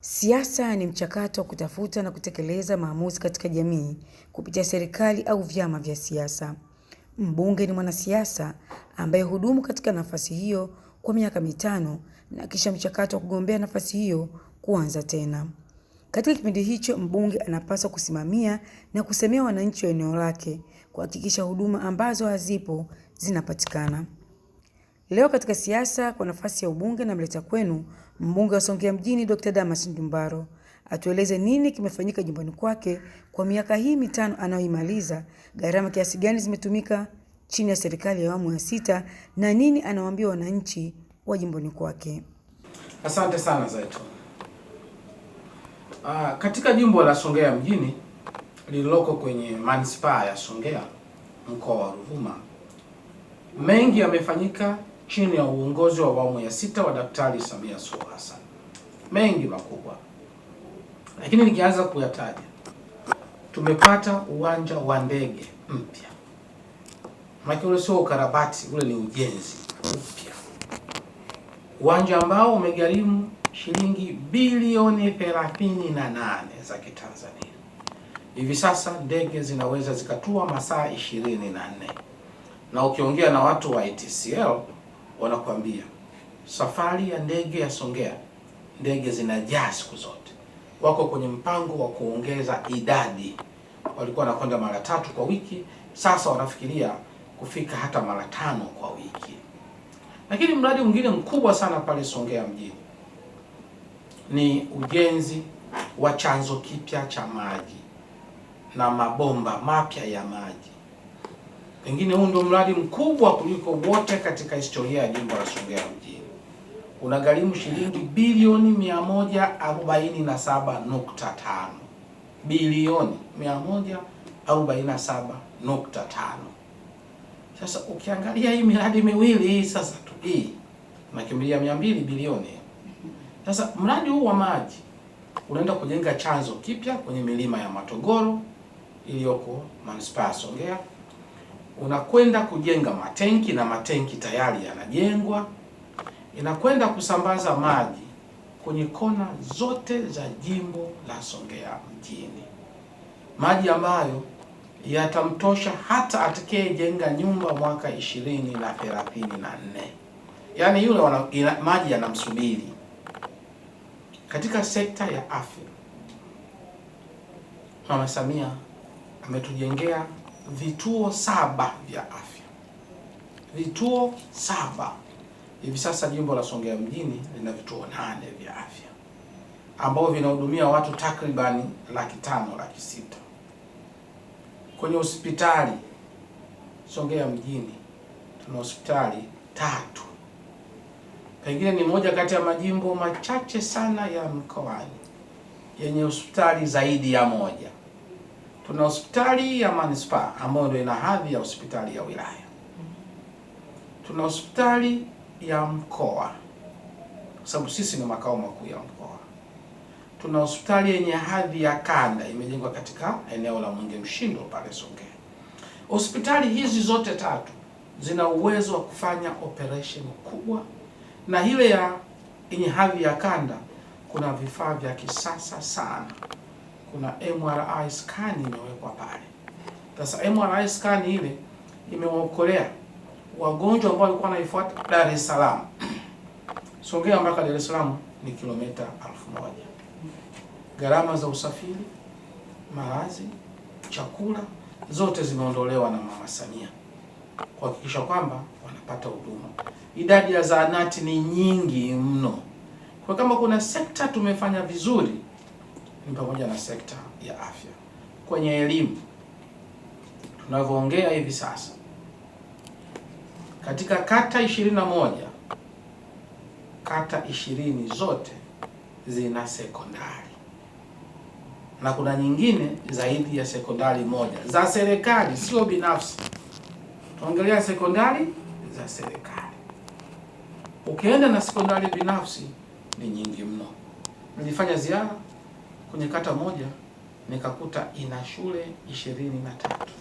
Siasa ni mchakato wa kutafuta na kutekeleza maamuzi katika jamii kupitia serikali au vyama vya siasa. Mbunge ni mwanasiasa ambaye hudumu katika nafasi hiyo kwa miaka mitano na kisha mchakato wa kugombea nafasi hiyo kuanza tena. Katika kipindi hicho, mbunge anapaswa kusimamia na kusemea wananchi wa eneo lake, kuhakikisha huduma ambazo hazipo zinapatikana. Leo katika siasa kwa nafasi ya ubunge namleta kwenu Mbunge wa Songea Mjini Dr. Damas Ndumbaro atueleze nini kimefanyika jumbani kwake kwa miaka hii mitano anayoimaliza, gharama kiasi gani zimetumika chini ya serikali ya awamu ya sita na nini anawaambia wananchi wa jimboni kwake. Asante sana Zaituni. Aa, ah, katika jimbo la Songea mjini lililoko kwenye manispaa ya Songea mkoa wa Ruvuma, mengi yamefanyika chini ya uongozi wa awamu ya sita wa Daktari Samia Suluhu Hassan. Mengi makubwa, lakini nikianza kuyataja, tumepata uwanja wa ndege mpya, maana ule sio ukarabati, ule ni ujenzi mpya uwanja ambao umegharimu shilingi bilioni 38 za Kitanzania. Hivi sasa ndege zinaweza zikatua masaa 24 na ukiongea na watu wa ATCL wanakuambia safari ya ndege ya Songea, ndege zinajaa siku zote. Wako kwenye mpango wa kuongeza idadi, walikuwa wanakwenda mara tatu kwa wiki, sasa wanafikiria kufika hata mara tano kwa wiki. Lakini mradi mwingine mkubwa sana pale Songea mjini ni ujenzi wa chanzo kipya cha maji na mabomba mapya ya maji. Pengine huu ndio mradi mkubwa kuliko wote katika historia ya jimbo la Songea mjini, unagharimu shilingi bilioni 147.5 bilioni 147.5. Sasa ukiangalia hii miradi miwili hii sasa tu hii nakimbilia 200 bilioni. Sasa mradi huu wa maji unaenda kujenga chanzo kipya kwenye milima ya Matogoro iliyoko manispaa ya Songea unakwenda kujenga matenki na matenki tayari yanajengwa, inakwenda kusambaza maji kwenye kona zote za jimbo la Songea mjini, maji ambayo yatamtosha hata atakayejenga nyumba mwaka ishirini na thelathini na nne. Yaani yule wana, ina, maji yanamsubiri. Katika sekta ya afya, Mama Samia ametujengea vituo saba vya afya. Vituo saba. Hivi sasa jimbo la Songea mjini lina vituo nane vya afya ambao vinahudumia watu takribani laki tano laki sita. Kwenye hospitali Songea mjini tuna hospitali tatu, pengine ni moja kati ya majimbo machache sana ya mkoani yenye hospitali zaidi ya moja. Tuna hospitali ya manispaa ambayo ndio ina hadhi ya hospitali ya wilaya, tuna hospitali ya mkoa kwa sababu sisi ni makao makuu ya mkoa, tuna hospitali yenye hadhi ya kanda imejengwa katika eneo la Mwenge Mshindo pale Songea. Hospitali hizi zote tatu zina uwezo wa kufanya operation kubwa, na ile ya yenye hadhi ya kanda kuna vifaa vya kisasa sana kuna MRI scan imewekwa pale. Sasa MRI scan ile imewaokolea wagonjwa ambao walikuwa wanaifuata Dar es Salaam. Songea mpaka Dar es Salaam ni kilomita elfu moja. Gharama za usafiri, malazi, chakula zote zimeondolewa na Mama Samia kuhakikisha kwamba wanapata huduma. Idadi ya zahanati ni nyingi mno, kwa kama kuna sekta tumefanya vizuri ni pamoja na sekta ya afya. Kwenye elimu tunavyoongea hivi sasa, katika kata ishirini moja kata ishirini zote zina sekondari na kuna nyingine zaidi ya sekondari moja za serikali, sio binafsi. Tuongelea sekondari za serikali. Ukienda na sekondari binafsi ni nyingi mno. Nilifanya ziara kwenye kata moja nikakuta ina shule ishirini na tatu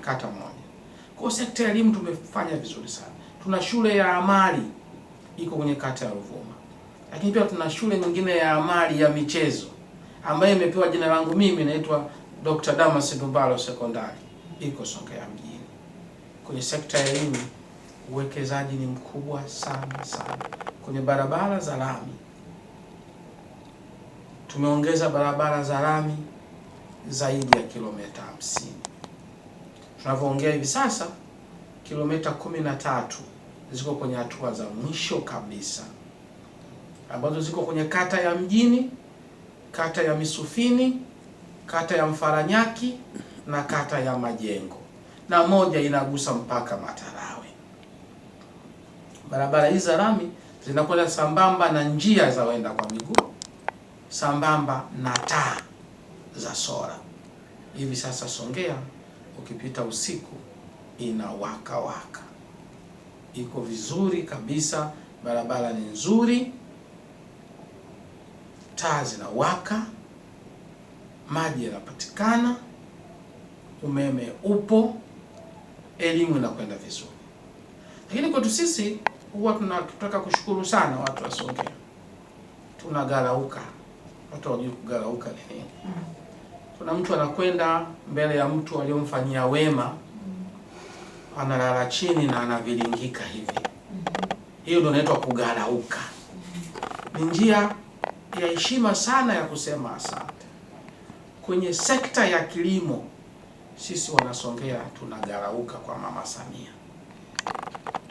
kata moja. Kwa sekta ya elimu tumefanya vizuri sana. Tuna shule ya amali iko kwenye kata ya Ruvuma, lakini pia tuna shule nyingine ya amali ya michezo ambayo imepewa jina langu mimi, naitwa Dr. Damas Ndumbaro Sekondari, iko Songea mjini. Kwenye sekta ya elimu uwekezaji ni mkubwa sana sana kwenye barabara za lami tumeongeza barabara za lami zaidi ya kilomita 50. Tunavyoongea hivi sasa, kilomita 13 ziko kwenye hatua za mwisho kabisa ambazo ziko kwenye kata ya Mjini, kata ya Misufini, kata ya Mfaranyaki na kata ya Majengo, na moja inagusa mpaka Matarawe. Barabara hizi za lami zinakwenda sambamba na njia za waenda kwa miguu sambamba na taa za sora. Hivi sasa Songea ukipita usiku inawaka waka, iko vizuri kabisa, barabara ni nzuri, taa zinawaka, maji yanapatikana, umeme upo, elimu inakwenda vizuri. Lakini kwetu sisi huwa tunataka kushukuru sana watu wa Songea, tunagarauka watu wajui kugarauka ni nini. Kuna mtu anakwenda mbele ya mtu aliyomfanyia wema, analala chini na anavilingika hivi. Hiyo ndio inaitwa kugarauka. Ni njia ya heshima sana ya kusema asante. Kwenye sekta ya kilimo, sisi Wanasongea tunagarauka kwa Mama Samia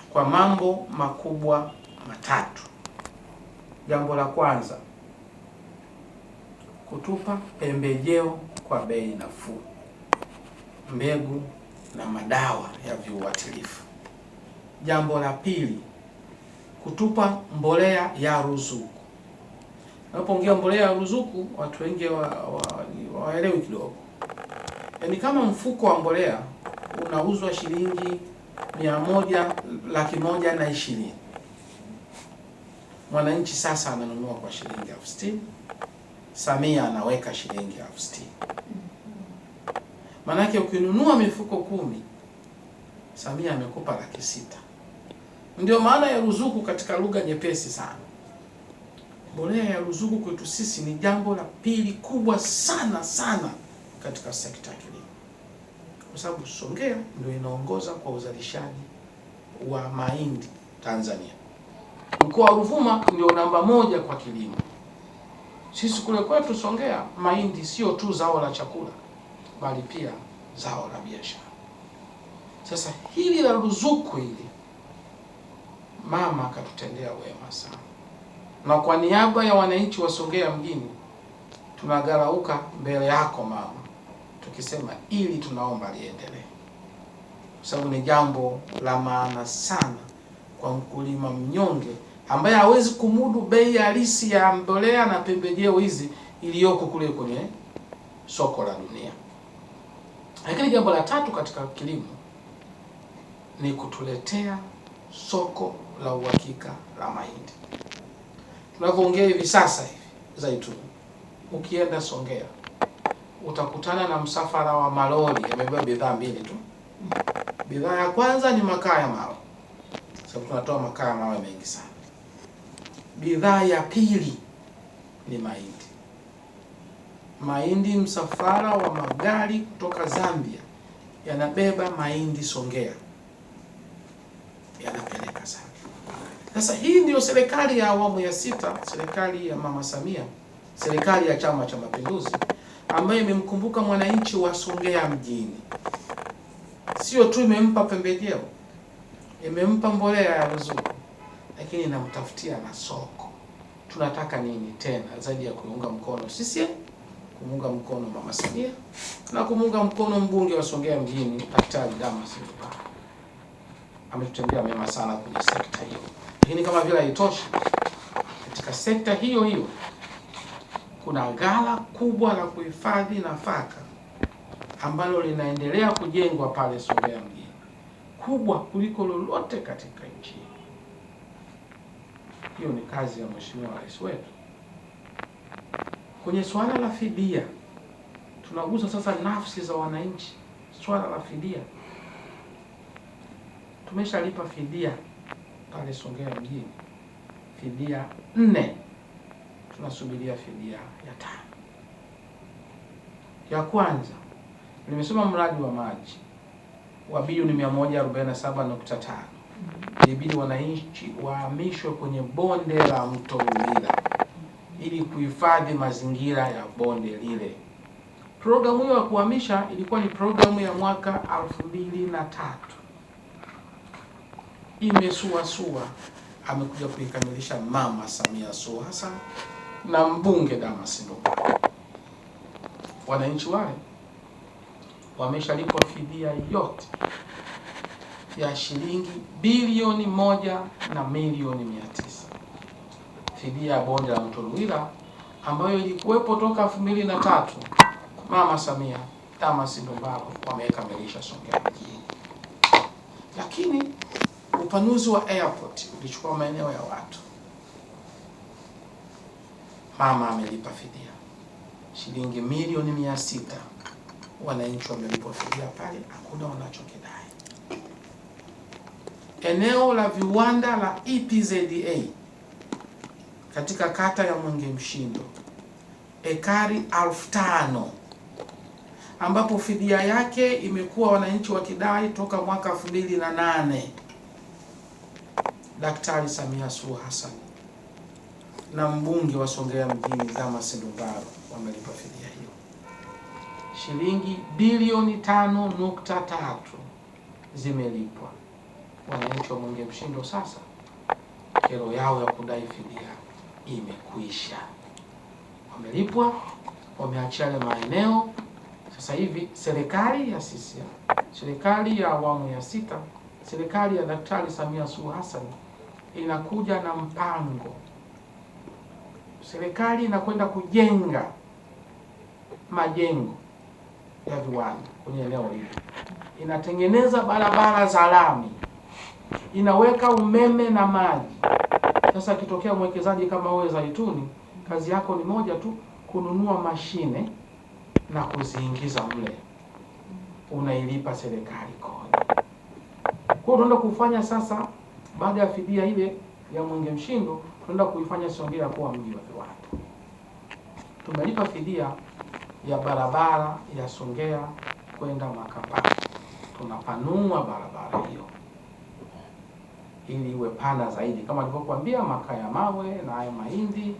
kwa mambo makubwa matatu. Jambo la kwanza kutupa pembejeo kwa bei nafuu, mbegu na madawa ya viuatilifu. Jambo la pili, kutupa mbolea ya ruzuku. Unapoongea mbolea ya ruzuku, watu wengi waelewi wa, wa kidogo. Yaani kama mfuko wa mbolea unauzwa shilingi mia moja, laki moja na ishirini, mwananchi sasa ananunua kwa shilingi elfu sitini Samia anaweka shilingi elfu sitini. Maanake ukinunua mifuko kumi, Samia amekupa laki sita. Ndio maana ya ruzuku katika lugha nyepesi sana. Mbolea ya ruzuku kwetu sisi ni jambo la pili kubwa sana sana katika sekta ya kilimo, kwa sababu Songea ndio inaongoza kwa uzalishaji wa mahindi Tanzania. Mkoa wa Ruvuma ndio namba moja kwa kilimo. Sisi kule kwetu Songea, mahindi sio tu zao la chakula, bali pia zao la biashara. Sasa hili la ruzuku hili, mama akatutendea wema sana, na kwa niaba ya wananchi wa Songea mjini tunagarauka mbele yako mama, tukisema ili tunaomba liendelee, kwa sababu ni jambo la maana sana kwa mkulima mnyonge ambaye hawezi kumudu bei halisi ya mbolea na pembejeo hizi iliyoko kule kwenye soko la dunia. Lakini jambo la tatu katika kilimo ni kutuletea soko la uhakika la mahindi. Tunavyoongea hivi sasa hivi, Zaituni, ukienda Songea utakutana na msafara wa malori yamebeba bidhaa mbili tu. Bidhaa ya kwanza ni makaa ya mawe, sababu tunatoa makaa ya mawe mengi sana Bidhaa ya pili ni mahindi. Mahindi, msafara wa magari kutoka Zambia yanabeba mahindi Songea, yanapeleka sana. Sasa hii ndiyo serikali ya awamu ya sita, serikali ya Mama Samia, serikali ya Chama cha Mapinduzi ambayo imemkumbuka mwananchi wa Songea mjini. Sio tu imempa pembejeo, imempa mbolea ya ruzuku lakini namtafutia na soko. Tunataka nini tena zaidi ya kuunga mkono sisi, kumunga mkono Mama Samia na kumunga mkono mbunge wa Songea mjini Daktari Damas Ndumbaro. Ametutendea mema sana kwenye sekta hiyo, lakini kama vile haitoshi, katika sekta hiyo hiyo kuna ghala kubwa la kuhifadhi nafaka ambalo linaendelea kujengwa pale Songea mjini, kubwa kuliko lolote katika hiyo ni kazi ya Mheshimiwa Rais wetu. Kwenye swala la fidia, tunagusa sasa nafsi za wananchi. Swala la fidia, tumeshalipa fidia pale Songea mjini, fidia nne, tunasubiria fidia ya tano. Ya kwanza nimesema mradi wa maji wa bilioni 147.5 ilibidi wananchi wahamishwe kwenye bonde la mto Luwila ili kuhifadhi mazingira ya bonde lile. Programu hiyo ya kuhamisha ilikuwa ni programu ya mwaka elfu mbili na tatu. Imesuasua, amekuja kuikamilisha Mama Samia Suluhu Hassan na mbunge Damas Ndongo. Wananchi wale wameshalipwa fidia yote ya shilingi bilioni moja na milioni mia tisa fidia ya bonde la mto Luila ambayo ilikuwepo toka elfu mbili na tatu. Mama Samia Damas Ndumbaro wamekamilisha Songea mjini, lakini upanuzi wa airport ulichukua maeneo ya watu. Mama amelipa fidia shilingi milioni mia sita, wananchi wamelipwa fidia pale, hakuna wanachokidai eneo la viwanda la epzda katika kata ya Mwenge Mshindo ekari elfu tano ambapo fidia yake imekuwa wananchi wakidai toka mwaka 2008. Daktari Samia Suluhu Hassan na mbunge wa Songea mjini Damas Ndumbaro wamelipa fidia hiyo shilingi bilioni 5.3 zimelipwa wananchi wa Mwenge Mshindo sasa kero yao ya kudai fidia imekwisha, wamelipwa, wameachia yale maeneo. Sasa hivi serikali ya sisi serikali ya awamu ya sita, serikali ya Daktari Samia Suluhu Hassan inakuja na mpango, serikali inakwenda kujenga majengo ya viwanda kwenye eneo hili, inatengeneza barabara za lami inaweka umeme na maji. Sasa akitokea mwekezaji kama wewe Zaituni, kazi yako ni moja tu, kununua mashine na kuziingiza mle, unailipa serikali kodi. Kwa unaenda kufanya sasa, baada ya fidia ile ya Mwenge Mshindo, tunaenda kuifanya Songea kuwa mji wa viwanda. Tumelipa fidia ya barabara ya Songea kwenda Makapa, tunapanua barabara hiyo ili iwe pana zaidi. Kama nilivyokuambia, makaa ya mawe na haya mahindi,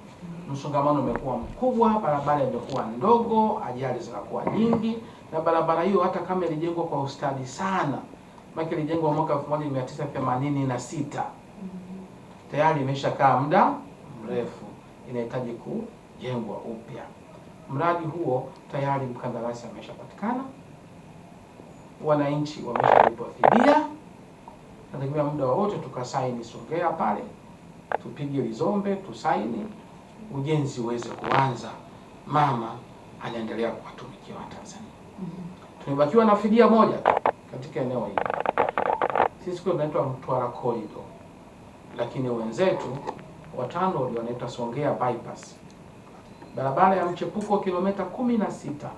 msongamano umekuwa mkubwa, barabara imekuwa ndogo, ajali zinakuwa nyingi, na barabara hiyo hata kama ilijengwa kwa ustadi sana, maana ilijengwa mwaka 1986 tayari imeshakaa muda mrefu, inahitaji kujengwa upya. Mradi huo tayari mkandarasi ameshapatikana, wananchi wameshalipwa fidia natakiwa muda wowote tukasaini Songea pale, tupige Lizombe tusaini, ujenzi uweze kuanza. Mama anaendelea kuwatumikia Watanzania. mm -hmm. Tumebakiwa na fidia moja katika eneo hili, sisi kwa tunaitwa Mtwara Corridor, lakini wenzetu watano ndio wanaita Songea bypass, barabara ya mchepuko kilomita kumi na sita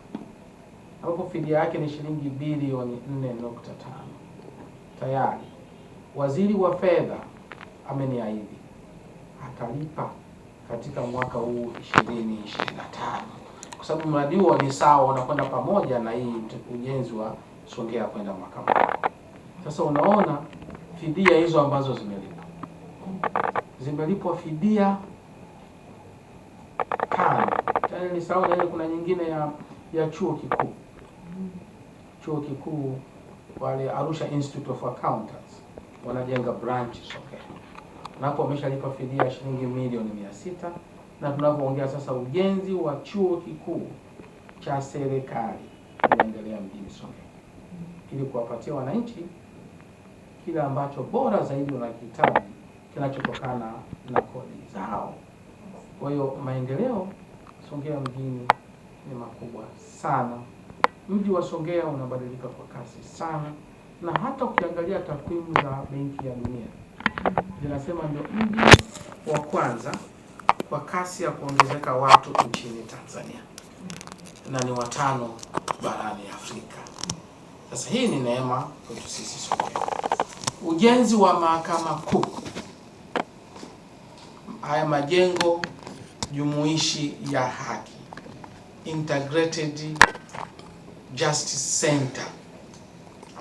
ambapo fidia yake ni shilingi bilioni 4.5 tayari waziri wa fedha ameniahidi atalipa katika mwaka huu 2025 kwa sababu mradi huo ni sawa, unakwenda pamoja na hii ujenzi wa Songea kwenda Makamba. Sasa unaona fidia hizo ambazo zimelipwa, zimelipwa fidia tano tena, ni sawa na ile kuna nyingine ya ya chuo kikuu, chuo kikuu wale Arusha Institute of Accountants wanajenga branch Songea, na hapo wameshalipa fidia ya shilingi milioni mia sita na tunapoongea sasa ujenzi wa chuo kikuu cha serikali unaendelea mjini Songea ili kuwapatia wananchi kile ambacho bora zaidi wanakihitaji kinachotokana na kodi zao. Kwa hiyo maendeleo Songea mjini ni makubwa sana. Mji wa Songea unabadilika kwa kasi sana na hata ukiangalia takwimu za Benki ya Dunia zinasema ndio mji wa kwanza kwa kasi ya kuongezeka watu nchini Tanzania na ni watano barani Afrika. Sasa hii ni neema kwetu sisi sote. Ujenzi wa mahakama kuu, haya majengo jumuishi ya haki, Integrated Justice Center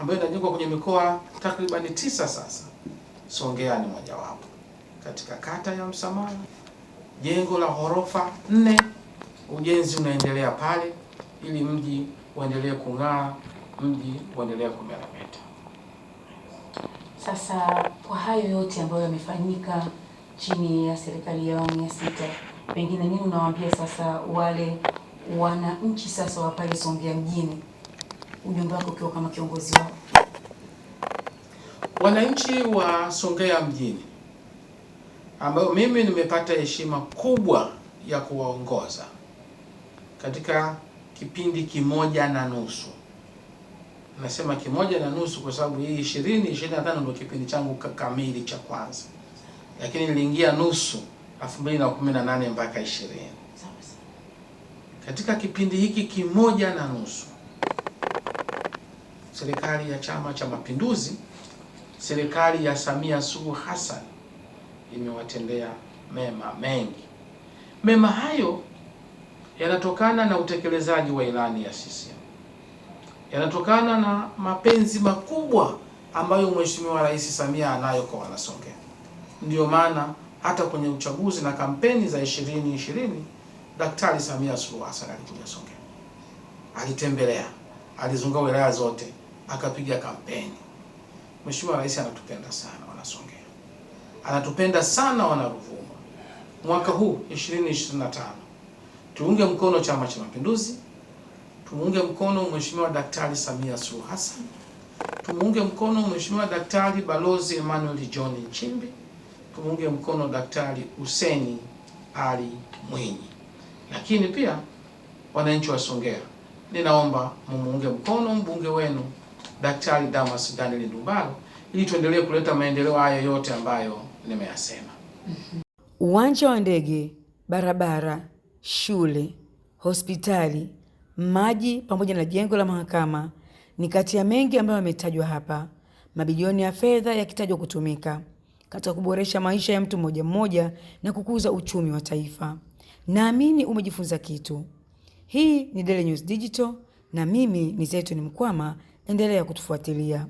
ambayo inajengwa kwenye mikoa takribani tisa sasa. Songea ni mojawapo katika kata ya Msamala, jengo la ghorofa nne, ujenzi unaendelea pale ili mji uendelee kung'aa, mji uendelee kumeremeta. Sasa kwa hayo yote ambayo yamefanyika chini ya serikali ya awamu ya sita, pengine nini unawaambia sasa wale wananchi sasa wa pale Songea mjini? ujumbe wako ukiwa kama kiongozi wao? Wananchi wa Songea mjini ambayo mimi nimepata heshima kubwa ya kuwaongoza katika kipindi kimoja na nusu. Nasema kimoja na nusu kwa sababu hii ishirini ishirini na tano ndio kipindi changu kamili cha kwanza, lakini niliingia nusu elfu mbili na kumi na nane mpaka ishirini. Katika kipindi hiki kimoja na nusu serikali ya Chama cha Mapinduzi, serikali ya Samia Suluhu Hassan imewatendea mema mengi. Mema hayo yanatokana na utekelezaji wa ilani ya CCM, yanatokana na mapenzi makubwa ambayo Mheshimiwa Rais Samia anayo kwa Wanasongea. Ndiyo maana hata kwenye uchaguzi na kampeni za ishirini ishirini Daktari Samia Suluhu Hassan alikuja Songea, alitembelea, alizunguka wilaya zote akapiga kampeni. Mheshimiwa Rais anatupenda sana Wanasongea, anatupenda sana Wanaruvuma. Mwaka huu 2025 tuunge mkono Chama cha Mapinduzi, tumuunge mkono Mheshimiwa Daktari Samia Suluhu Hassan, tumuunge mkono Mheshimiwa Daktari Balozi Emmanuel John Nchimbi, tumuunge mkono Daktari useni Ali Mwinyi. Lakini pia wananchi wa Songea, ninaomba mumuunge mkono mbunge wenu Daktari Damas Daniel Ndumbaro ili tuendelee kuleta maendeleo hayo yote ambayo nimeyasema. Uwanja wa ndege, barabara, shule, hospitali, maji pamoja na jengo la mahakama ni kati ya mengi ambayo yametajwa hapa, mabilioni ya fedha yakitajwa kutumika katika kuboresha maisha ya mtu mmoja mmoja na kukuza uchumi wa taifa. Naamini umejifunza kitu. Hii ni Daily News Digital na mimi ni Zaituni Mkwama. Endelea kutufuatilia.